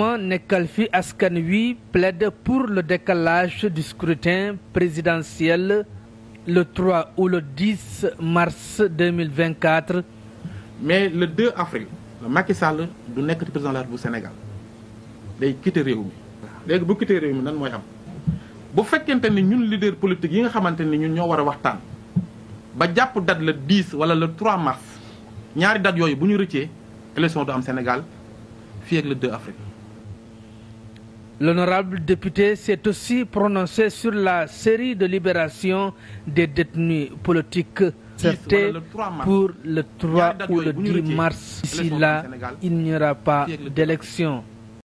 Ibrahima nekkal fi askan wi plaide pour le décalage du scrutin présidentiel le 3 ou le 10 mars 2024. mais le 2 avril Macky Sall du nekk ci président de la République bu Sénégal day quitté réew mi. léegi bu quitté réew mi nan mooy am bu fekkente ni ñun leader politique yi nga xamante ni ñun ñoo war a waxtaan ba jàpp date le 10 wala le 3 mars ñaari date yooyu bu ñu rëccee élection du am Sénégal fii ak le 2 avril. L'honorable député s'est aussi prononcé sur la série de libération des détenus politiques c'était pour le 3 ou le mars. D'ici là, il n'y aura pas d'élection.